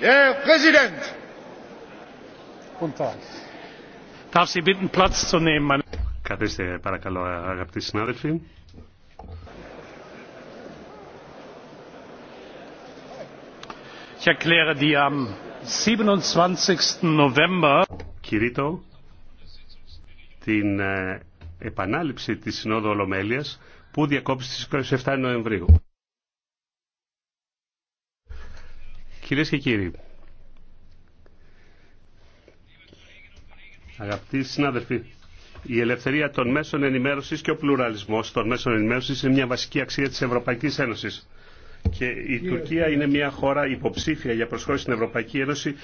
Herr Präsident! Guten Tag. Darf Sie bitten, Platz zu nehmen, meine Καθίστε παρακαλώ αγαπητοί συνάδελφοι. Ich erkläre die am 27. November Κηρύττω την ε, επανάληψη της Συνόδου Ολομέλειας που διακόπησε στις 27 Νοεμβρίου. Κυρίες και κύριοι, αγαπητοί συνάδελφοι, η ελευθερία των μέσων ενημέρωσης και ο πλουραλισμός των μέσων ενημέρωσης είναι μια βασική αξία της Ευρωπαϊκής Ένωσης. Και η ναι. Τουρκία είναι μια χώρα υποψήφια για προσχώρηση στην Ευρωπαϊκή Ένωση